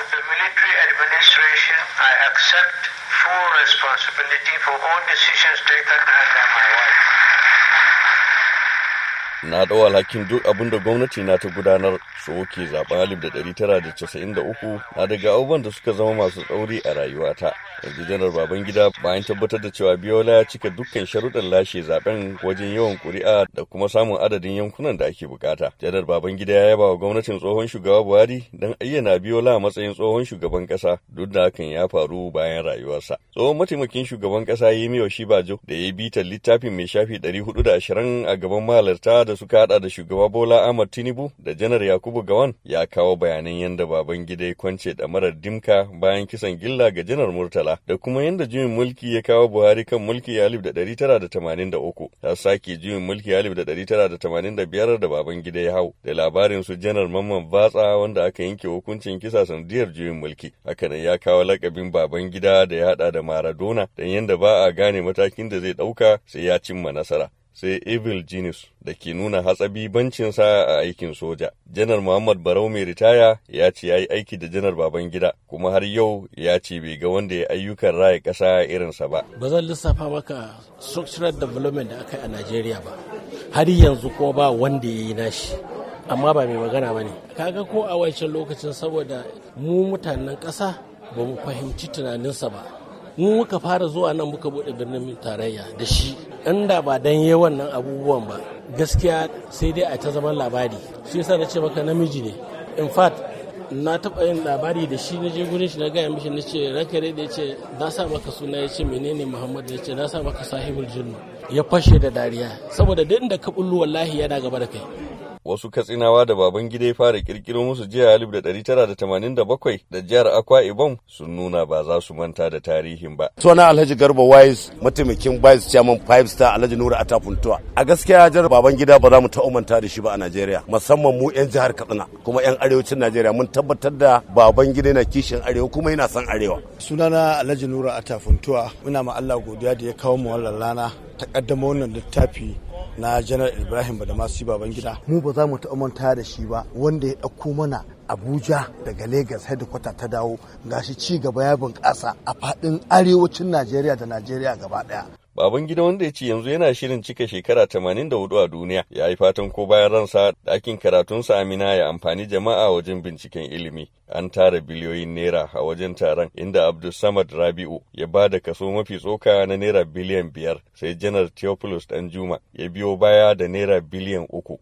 of the military administration, I accept full responsibility for all decisions taken under my wife. na ɗau alhakin duk abin da gwamnati na ta gudanar wuke zaben alif da ɗari tara da casa'in da uku na daga abubuwan da suka zama masu tsauri a rayuwata yanzu janar babangida bayan tabbatar da cewa biyola ya cika dukkan sharuɗan lashe zaben wajen yawan ƙuri'a da kuma samun adadin yankunan da ake bukata janar babangida ya yaba wa gwamnatin tsohon shugaba buhari don ayyana biyola a matsayin tsohon shugaban ƙasa duk da hakan ya faru bayan rayuwarsa tsohon mataimakin shugaban ƙasa yemi oshibajo da ya bitar littafin mai shafi ɗari hudu da ashirin a gaban mahalarta da suka hada da shugaba Bola Ahmad Tinubu da Janar Yakubu Gawan ya kawo bayanan yadda baban gida ya kwance da marar dimka bayan kisan gilla ga Janar Murtala da kuma yadda juyin mulki ya kawo Buhari kan mulki alif da 983 tara sake juyin mulki alif da 985 da baban gida ya hau da labarin su Janar Mamman Batsa wanda aka yanke hukuncin kisa sanadiyar juyin mulki hakan ya kawo lakabin baban gida da ya hada da Maradona don yadda ba a gane matakin da zai ɗauka sai ya cimma nasara. sai Evil Genius da ke nuna bancinsa a aikin soja. Janar Muhammad Barau mai ritaya ya ce ya yi aiki da Janar baban gida kuma har yau ya ce bai ga wanda ya ayyukan raya ƙasa irinsa ba. Ba zan lissafa maka structural development da aka yi a Najeriya ba. Har yanzu ko ba wanda ya yi nashi. Amma ba mai magana ba ne. Kaga ko a wancan lokacin saboda mu mutanen ƙasa ba mu fahimci tunaninsa ba. mu muka fara zuwa nan muka bude birnin tarayya da shi inda ba dan yi wannan abubuwan ba gaskiya sai dai a ta zaman labari shi yasa na ce maka namiji ne in fact na taba yin labari da shi na je gurin shi na gaya mishi na ce ranka da ya ce na sa maka suna ya ce menene muhammad ya ce na sa maka sahibul jinnu ya fashe da dariya saboda duk da ka bullu wallahi yana gaba da kai wasu katsinawa da baban gida ya fara kirkiro musu jiya alif da ɗari tara da tamanin da bakwai da jihar akwa ibom sun nuna ba za su manta da tarihin ba. suna alhaji garba wise mataimakin vice chairman five star alhaji nura atafuntuwa a gaskiya jihar baban gida ba za mu ta manta da shi ba a najeriya musamman mu yan jihar katsina kuma yan arewacin najeriya mun tabbatar da baban gida na kishin arewa kuma yana son arewa. sunana alhaji nura atafuntuwa muna ma allah godiya da ya kawo mu wannan rana ta kaddama wannan littafi na janar ibrahim ba da baban babangida mu ba za mu taɓa manta da shi ba wanda ya ɗauko mana abuja daga lagos headquarter ta dawo ga shi ci gaba ya bunƙasa a faɗin arewacin najeriya da najeriya gaba ɗaya baban gida wanda ya ce yanzu yana shirin cika shekara 84 a duniya ya yi fatan ko bayan ransa ɗakin karatunsa amina ya amfani jama'a wajen binciken ilimi an tara biliyoyin naira a wajen taron inda abdul samad rabi'u ya ba da kaso mafi tsoka na naira biliyan biyar sai janar theophilus danjuma ya biyo baya da naira biliyan uku